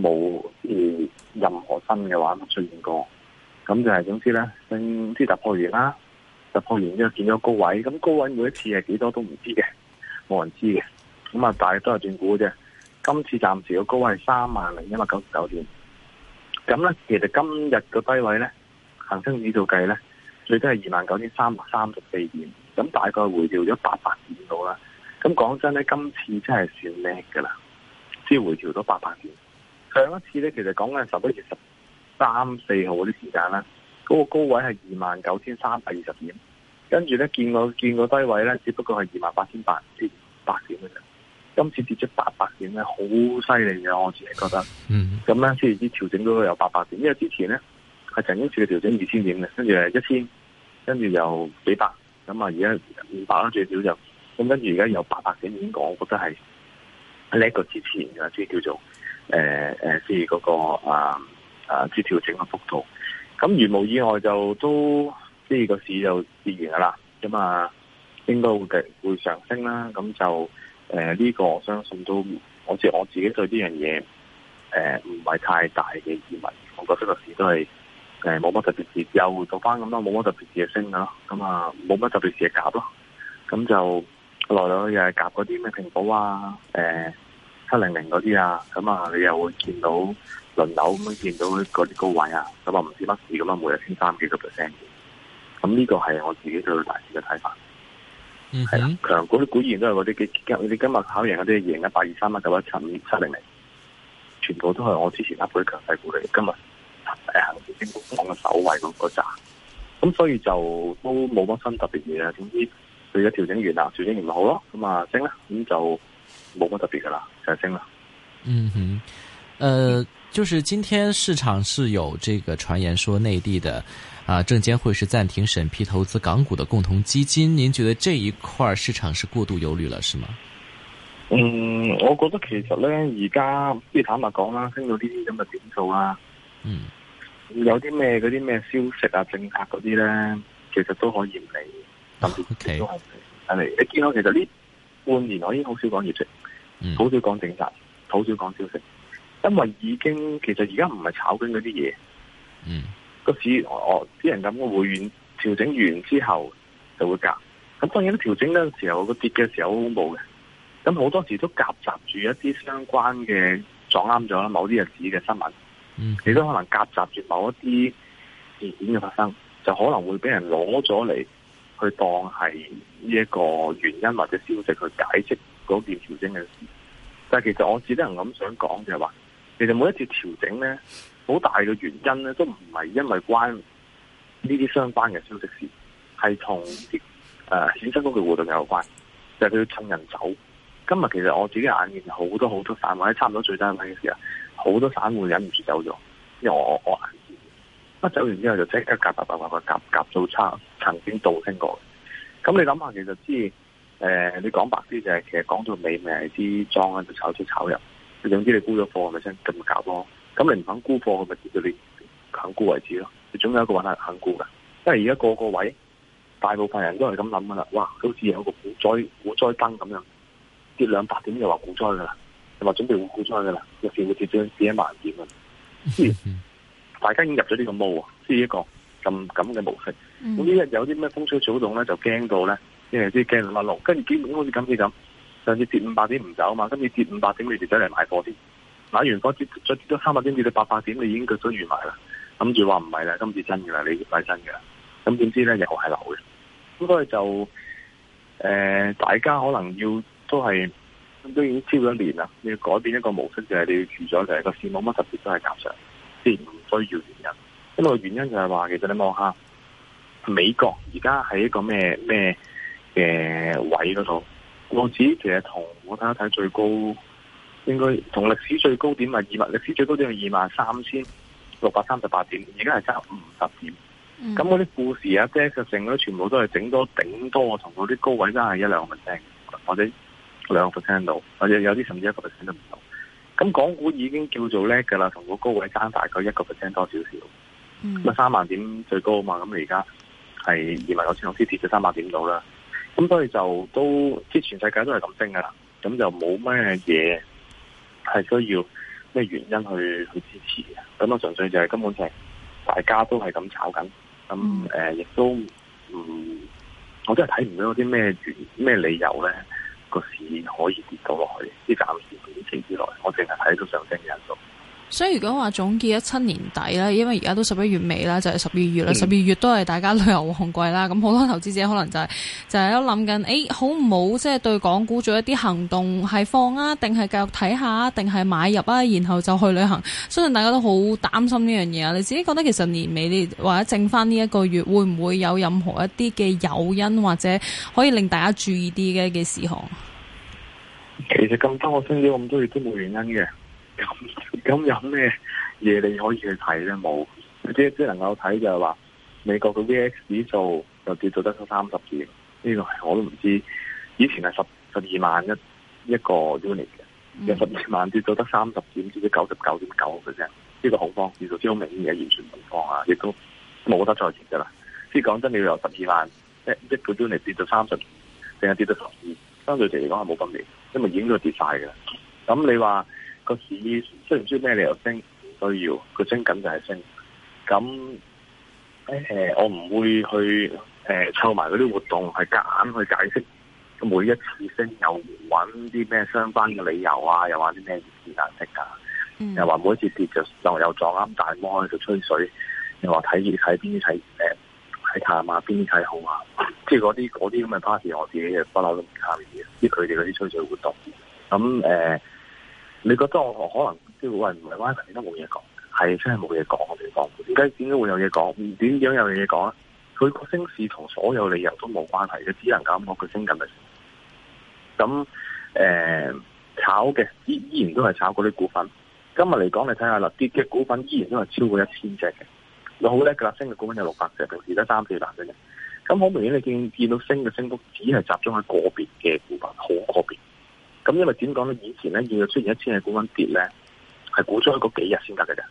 冇、呃、任何新嘅話出現過，咁就係、是、總之咧，升啲突破完啦，突破完之後見咗高位，咁高位每一次係幾多都唔知嘅，冇人知嘅，咁啊，大係都係轉估啫。今次暫時嘅高位係三萬零一百九十九點，咁咧其實今日嘅低位咧，恒生指數計咧，最低係二萬九千三百三十四點，咁大概回調咗八百點到啦。咁講真咧，今次真係算叻噶啦，先回調咗八百點。上一次咧，其實講緊十一月十三四號啲時間啦，嗰、嗰個高位係二萬九千三百二十點，跟住咧見過見過低位咧，只不過係二萬八千八千八點嘅啫。今次跌咗八百點咧，好犀利嘅，我自己覺得。嗯。咁咧、嗯，先調整都有八百點，因為之前咧係曾經試調整二千點嘅，跟住係一千，跟住又幾百，咁啊而家五百啦，最少就咁，跟住而家有八百點已經，我覺得係喺呢個之前噶，即係叫做。誒誒，即係嗰個啊啊，即係調整嘅幅度。咁如無意外就都，即係個市就跌完噶啦，咁啊，應該會會上升啦。咁就誒呢個，我相信都我似我自己對呢樣嘢誒唔係太大嘅疑問。我覺得個市都係誒冇乜特別事，又做翻咁多冇乜特別事嘅升咯，咁啊冇乜特別事嘅夾咯。咁就來咗又係夾嗰啲咩蘋果啊，誒、呃。七零零嗰啲啊，咁啊，你又會見到輪流咁樣見到嗰啲高位啊，咁啊唔知乜事咁啊，每日升三幾個 percent，咁呢個係我自己對大市嘅睇法。嗯、mm，係、hmm. 啦、啊，強股啲股員都係嗰啲幾，你今日考贏一啲，二零一八二三啊，九一七五七零零，全部都係我之前一舉強勢股嚟，今日誒，先講個首位嗰個，咁所以就都冇乜新特別嘢啊，總之佢嘅調整完啦，調整完咪好咯，咁啊升啦，咁就。冇乜特別噶啦，上、就是、升啦。嗯哼，誒、呃，就是今天市場是有這個傳言說內地嘅啊、呃，證監會是暫停審批投資港股的共同基金。您覺得這一塊市場是過度憂慮了，是嗎？嗯，我覺得其實呢，而家即係坦白講啦，升到呢啲咁嘅點數啊，嗯，有啲咩嗰啲咩消息啊、政策嗰啲呢，其實都可以唔理，特別都係你見到其實呢，半年我已經好少講業績，好少講政策，好少講消息，因為已經其實而家唔係炒緊嗰啲嘢。嗯，市，個市我啲人咁嘅匯率調整完之後就會夾。咁當然調整嗰時候個跌嘅時候好恐怖嘅，咁好多時都夾雜住一啲相關嘅撞啱咗啦，某啲日子嘅新聞，嗯，亦都可能夾雜住某一啲事件嘅發生，就可能會俾人攞咗嚟，去當係呢一個原因或者消息去解釋嗰件調整嘅事，但係其實我自己係咁想講就係話，其實每一次調整咧，好大嘅原因咧都唔係因為關呢啲相關嘅消息事，係同誒衍生工具活動有關，就係佢要趁人走。今日其實我自己眼見好多好多散戶喺差唔多最低位嘅時候，好多散戶忍唔住走咗，因為我我。一走完之後就即刻白白話夾夾做差曾經道聽過，咁你諗下其實知，誒你講白啲就係其實講到尾咪係啲莊喺度炒出炒入，你總之你估咗貨咪先咁搞咯？咁你唔肯估貨，咪跌到你肯估為止咯？你總有一個話係肯估噶，因為而家個個位大部分人都係咁諗噶啦，哇！好似有個股災股災燈咁樣跌兩百點又話股災噶啦，又話準備會股災噶啦，日前會跌咗自一萬點啊！大家已經入咗呢個模啊，即係一個咁咁嘅模式。咁呢日有啲咩風吹草動咧，就驚到咧，即係啲驚得發愣。跟住基本好似今次咁，上次跌五百點唔走啊嘛，今次跌五百點，你哋就嚟買貨啲。買完貨跌，再跌再到三百點跌到八百點，你已經決心完埋啦。諗住話唔係咧，今次真嘅啦，你買真嘅。咁點知咧又係流嘅。咁所以就誒、呃，大家可能要都係都已經超過一年啦，你要改變一個模式，就係、是、你要預咗，就係個市冇乜特別都，都係夾上。啲唔需要原因，因為原因就係話其實你望下美國而家喺一個咩咩嘅位嗰度，我自己其實同我睇一睇最高，應該同歷史最高點係二萬，歷史最高點係二萬三千六百三十八點，而家係差五十點。咁嗰啲故事啊、技術性嗰啲全部都係整多頂多同嗰啲高位爭係一兩個 percent，或者兩個 percent 度，或者有啲甚至一個 percent 都唔到。咁港股已經叫做叻嘅啦，同個高位爭大概一個 percent 多少少，咁、嗯、三萬點最高啊嘛，咁而家係二萬九千六，有啲跌咗三百點到啦。咁所以就都即係全世界都係咁升啦，咁就冇咩嘢係需要咩原因去去支持嘅。咁我純粹就係根本就係、是、大家都係咁炒緊，咁誒亦都唔、嗯，我真係睇唔到啲咩原咩理由咧。個市面可以跌到落去，啲暫時短期之內，我淨係睇到上升嘅因素。所以如果話總結一七年底啦，因為而家都十一月尾啦，就係十二月啦，十二、嗯、月都係大家旅遊旺季啦，咁好多投資者可能就係、是、就係都諗緊，誒、欸，好唔好即係、就是、對港股做一啲行動係放啊，定係繼續睇下、啊，定係買入啊，然後就去旅行。相信大家都好擔心呢樣嘢啊！你自己覺得其實年尾你或者剩翻呢一個月，會唔會有任何一啲嘅誘因，或者可以令大家注意啲嘅嘅事項？其實咁多個星期，咁多月都冇原因嘅。咁咁有咩嘢你可以去睇咧？冇，即即能夠睇就係話美國嘅 VX 指數又跌到得三十點，呢個我都唔知。以前係十十二萬一一個 unit 嘅，十二萬跌到得三十點，只只九十九點九嘅啫。呢個恐慌指數，即好明顯嘅完全恐慌啊！亦都冇得再跌噶啦。即講真，你要由十二萬一一個 unit 跌到三十點，定係跌到十二點，相對嚟講係冇咁年，因為已經都跌晒噶啦。咁你話？個市雖然唔知咩理由升，不需要個升緊就係升。咁誒、欸，我唔會去誒，湊埋嗰啲活動，係夾硬去解釋，每一次升又搵啲咩相關嘅理由啊，又話啲咩事解釋噶，嗯、又話每一次跌就又又撞啱大摩喺度吹水，又話睇熱睇邊啲睇靚，睇淡邊啲睇好啊，即係嗰啲嗰啲咁嘅 party，我自己係不嬲都唔參與嘅，即佢哋嗰啲吹水活動。咁誒。欸你覺得我可能即係喂，唔係 Y F 都冇嘢講，係真係冇嘢講我哋講。點解，點解會有嘢講？點，點樣有嘢講啊？佢個升市同所有理由都冇關係嘅，只能咁講佢升緊咪。咁誒、呃，炒嘅依依然都係炒嗰啲股份。今日嚟講，你睇下啦，跌嘅股份依然都係超過一千隻嘅。有好叻嘅啦，升嘅股份有六百隻，平時得三四百隻嘅。咁好明顯，你見，見到升嘅升幅只係集中喺個別嘅股份，好個別。咁因為點講咧？以前咧要出現一千隻股份跌咧，係股災嗰幾日先得嘅咋。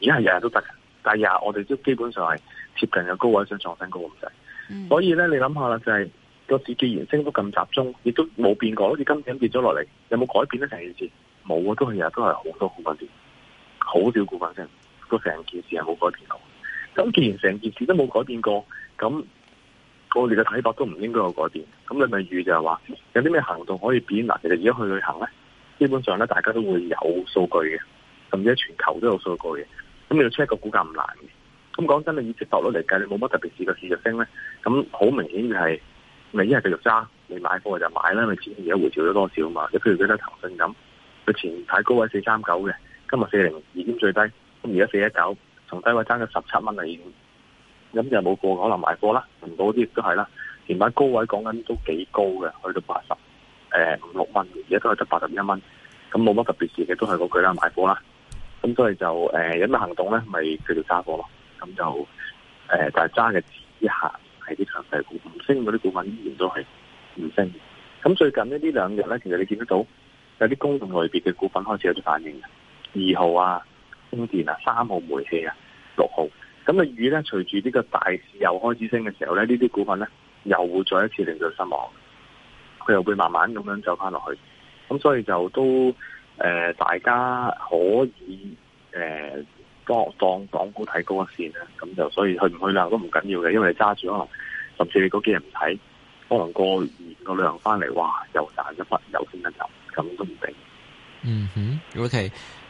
而家係日日都得嘅，但係日我哋都基本上係接近嘅高位想創新高咁滯。嗯、所以咧，你諗下啦，就係個市既然升幅咁集中，亦都冇變過，好似今年跌咗落嚟，有冇改變咧？成件事冇啊，都係日日都係好多股份跌，好少股份升，都成件事係冇改變到。咁既然成件事都冇改變過，咁。你嘅睇法都唔應該有改變。咁你咪預就係話有啲咩行動可以變嗱，其實而家去旅行咧，基本上咧大家都會有數據嘅，甚至係全球都有數據嘅，咁你要出一個估價唔難嘅。咁講真你以直落率嚟計，你冇乜特別試嘅。試嘅升咧，咁好明顯係咪一係繼續揸，你買貨就買啦，你之前而家回調咗多少嘛？你係譬如而得騰訊咁，佢前排高位四三九嘅，今日四零已經最低，咁而家四一九，從低位爭咗十七蚊。咁就冇過，可能買貨啦，唔到啲都係啦。前晚高位講緊都幾高嘅，去到八十、呃，誒五六蚊，而家都係得八十一蚊。咁冇乜特別事嘅，都係嗰句啦，買貨啦。咁所以就誒有咩行動咧，咪繼續揸貨咯。咁就誒、呃、但係揸嘅一下，係啲強勢股，唔升嗰啲股份依然都係唔升。咁最近咧，呢兩日咧，其實你見得到有啲公用類別嘅股份開始有啲反應嘅，二號啊，供電啊，三號煤氣啊，六號。咁嘅雨咧，隨住呢個大市又開始升嘅時候咧，呢啲股份咧又會再一次令到失望，佢又會慢慢咁樣走翻落去。咁所以就都誒，大家可以誒當當港股睇高一線啊。咁就所以去唔去啦都唔緊要嘅，因為揸住可能甚至你嗰幾日唔睇，可能過年個旅行翻嚟，哇，又賺一筆，又升一油，咁都唔定。嗯哼，OK。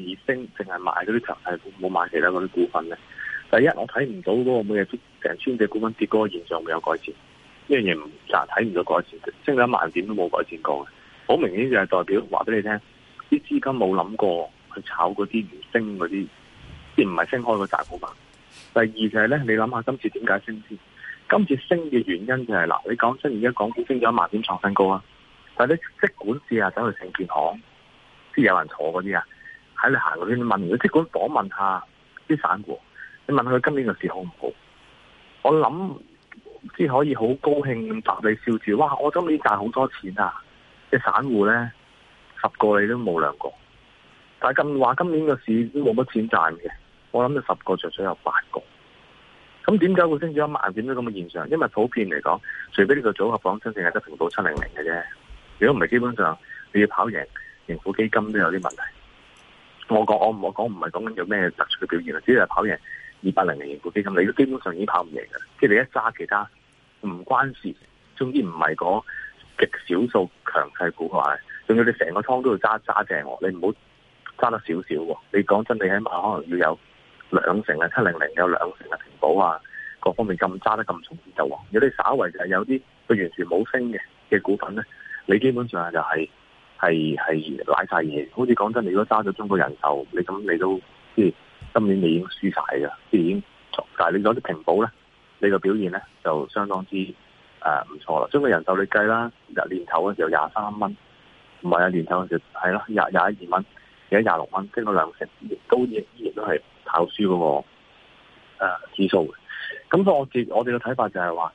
而升淨係買嗰啲強勢股，冇買其他嗰啲股份咧。第一，我睇唔到嗰個每日成千隻股份跌嗰個現象會有改善，呢樣嘢唔就睇唔到改善，升咗一萬點都冇改善過嘅。好明顯就係代表話俾你聽，啲資金冇諗過去炒嗰啲唔升嗰啲，即唔係升開嗰大股份。第二就係咧，你諗下今次點解升先？今次升嘅原因就係嗱，你講真，而家港股升咗一萬點創新高啊！但係你即管試下走去清建行，即有人坐嗰啲啊。喺你行嗰邊問佢，即管訪問下啲散戶，你問佢今年嘅事好唔好？我諗即可以好高興咁答你，笑住：，哇！我今年賺好多錢啊！即散戶咧，十個你都冇兩個。但係咁話，今年嘅事都冇乜錢賺嘅。我諗，十個着數有八個。咁點解會升咗一萬點解咁嘅現象？因為普遍嚟講，除非呢個組合仿真正係得平保七零零嘅啫。如果唔係，基本上你要跑贏盈富基金都有啲問題。我講我唔我講唔係講緊有咩特殊嘅表現啊，主要係跑贏二百零零盈富基金，你都基本上已經跑唔贏嘅。即係你一揸其他唔關事，總之唔係講極少數強勢股嘅話，仲要你成個倉都要揸揸正喎。你唔好揸得少少。你講真，你起碼可能要有兩成啊，七零零有兩成啊，平保啊，各方面咁揸得咁重，就有啲稍微就係有啲佢完全冇升嘅嘅股份咧，你基本上就係、是。係係拉晒嘢，好似講真，你如果揸咗中國人壽，你咁你都即係今年你已經輸晒噶，即係已經，但係你攞啲平保咧，你個表現咧就相當之誒唔錯啦。中國人壽你計啦，日年頭嘅時候廿三蚊，唔係啊年頭就係咯廿廿一二蚊，而家廿六蚊，升咗兩成，高亦亦都係跑輸嗰個誒指數。咁所以我我哋嘅睇法就係話，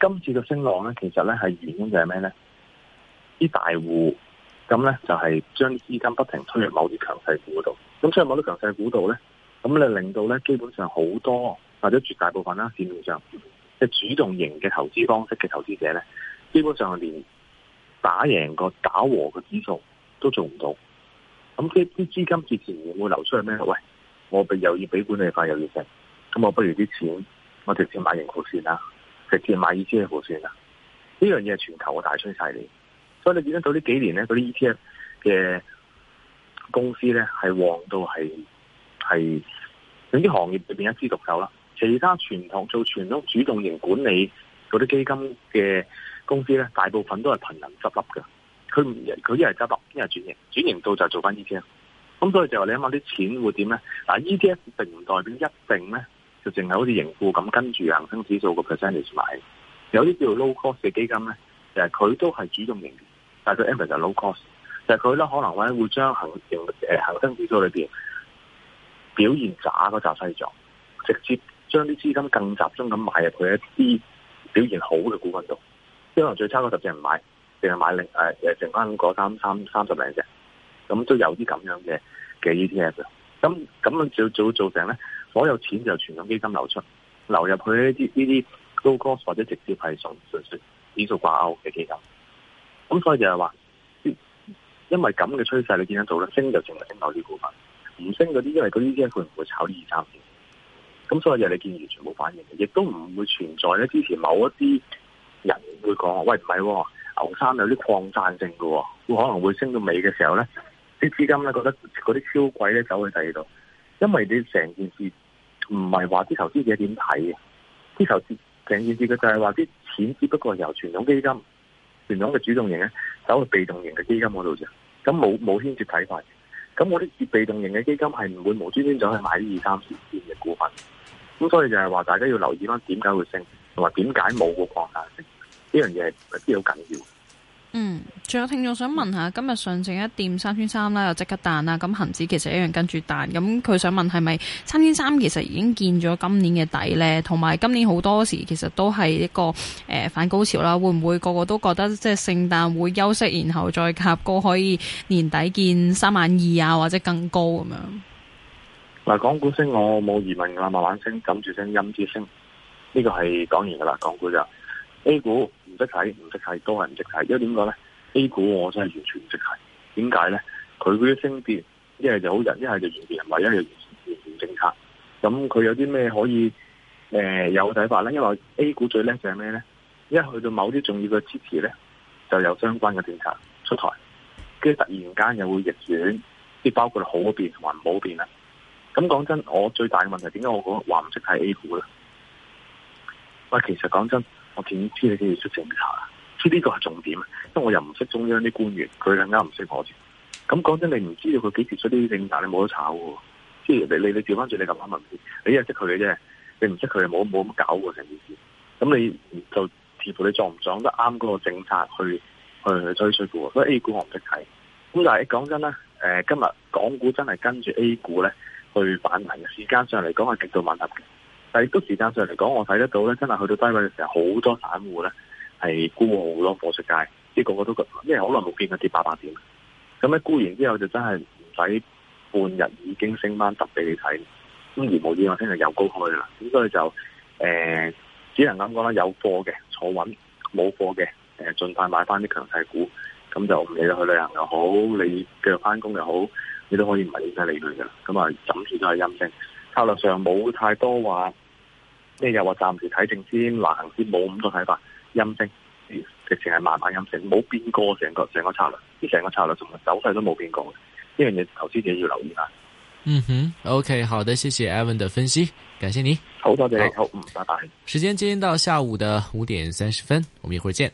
今次嘅升浪咧，其實咧係原因就係咩咧？啲大戶。咁咧就係將資金不停推入某啲強勢股度，咁推入某啲強勢股度咧，咁你令到咧基本上好多或者絕大部分啦、啊，市面上即係、就是、主動型嘅投資方式嘅投資者咧，基本上係連打贏個打和嘅指數都做唔到。咁啲啲資金節前會唔會流出嚟咩？喂，我哋又要俾管理費又要食。咁我不如啲錢我直接買盈富綫啦，直接買易資利股綫啦，呢樣嘢係全球嘅大趨勢嚟。所以你見得到呢幾年咧，嗰啲 E T F 嘅公司咧係旺到係係總啲行業裏邊一枝獨秀啦。其他傳統做傳統主動型管理嗰啲基金嘅公司咧，大部分都係瀕臨執笠嘅。佢佢一係執笠，一係轉型，轉型到就係做翻 E T F。咁所以就話你諗下啲錢會點咧？嗱，E T F 並唔代表一定咧，就淨係好似盈富咁跟住恒生指數個 percentage 買。有啲叫 low cost 嘅基金咧，就係、是、佢都係主動型。但係佢 ever 就 low cost，就佢咧可能咧會將恒盈誒恒生指數裏邊表現渣嗰揸細咗，直接將啲資金更集中咁買入去一啲表現好嘅股份度，即係可能最差嗰十隻唔買，淨係買零誒誒剩翻嗰三三三十零隻，咁都有啲咁樣嘅嘅 ETF 嘅，咁咁樣做做做成咧，所有錢就傳統基金流出流入去呢啲呢啲 low cost 或者直接係純純粹指數掛鈎嘅基金。咁所以就係話，因為咁嘅趨勢你見到咧，升就淨係升嗰啲股份，唔升嗰啲因為嗰啲資金會唔會炒二三線？咁所以就你見完全冇反應，亦都唔會存在咧。之前某一啲人會講，喂唔係，哦，牛三有啲擴散性噶、哦，會可能會升到尾嘅時候咧，啲資金咧覺得嗰啲超貴咧走去第二度，因為你成件事唔係話啲投資者點睇嘅，啲投資成件事嘅就係話啲錢只不過係由傳統基金，傳統嘅主動型咧，走去被動型嘅基金嗰度啫，咁冇冇牽涉睇法嘅。咁我啲接被動型嘅基金係唔會無端端走去買啲二三十億嘅股份，咁所以就係話大家要留意翻點解會升，同埋點解冇個擴散呢樣嘢係啲好緊要。嗯，仲有聽眾想問下，今日上正一跌三千三啦，又即刻彈啦，咁恒指其實一樣跟住彈。咁佢想問係咪三千三其實已經見咗今年嘅底呢？同埋今年好多時其實都係一個誒、呃、反高潮啦，會唔會個個都覺得即係聖誕會休息，然後再夾高，可以年底見三萬二啊，或者更高咁樣？嗱，港股升我冇疑問噶啦，慢慢升，跟住升，陰住升，呢個係講完噶啦，港股就 A 股。唔識睇，唔識睇，都係唔識睇。因為點講咧？A 股我真係完全唔識睇。點解咧？佢嗰啲升跌，一係就好人，一係就完全人為，一係完全政策。咁佢有啲咩可以誒、呃、有睇法咧？因為 A 股最叻就係咩咧？一去到某啲重要嘅支持咧，就有相關嘅政策出台，跟住突然間又會逆轉，即係包括好變同埋唔好變啦。咁講真，我最大嘅問題，點解我講話唔識睇 A 股咧？喂，其實講真。我點知你幾時要出政策啊？知呢個係重點，因為我又唔識中央啲官員，佢更加唔識我先。咁講真你不你，你唔知道佢幾時出啲政策，你冇得炒嘅。即係你你你調翻轉你諗下，你你又識佢嘅啫，你唔識佢又冇冇咁搞嘅成件事。咁你就似乎你撞唔撞得啱嗰個政策去去去追追股。所以 A 股我唔識睇。咁但係講真咧，誒、呃，今日港股真係跟住 A 股咧去反彈，時間上嚟講係極度吻合嘅。但係都時間上嚟講，我睇得到咧，真係去到低位嘅時候，好多散戶咧係沽好多貨出街，即個個都覺，因為可能冇變好耐冇見嗰啲八百點。咁咧沽完之後，就真係唔使半日已經升翻特俾你睇。咁而無意外，聽日又高開啦。所以就誒、呃，只能咁講啦。有貨嘅坐穩，冇貨嘅、呃、盡儘快買翻啲強勢股。咁就唔得去旅行又好，你繼續翻工又好，你都可以唔係點解理佢啦咁啊，枕住都係陰升，策略上冇太多話。你又話暫時睇定先，橫行先冇咁多睇法，陰升，直情係慢慢陰升，冇變過成個成個策略，而成個策略同埋走勢都冇變過，呢樣嘢投資者要留意啦。嗯哼，OK，好的，謝謝 Evan 的分析，感謝你，好多謝，好，嗯，拜拜。時間接近到下午的五點三十分，我們一會見。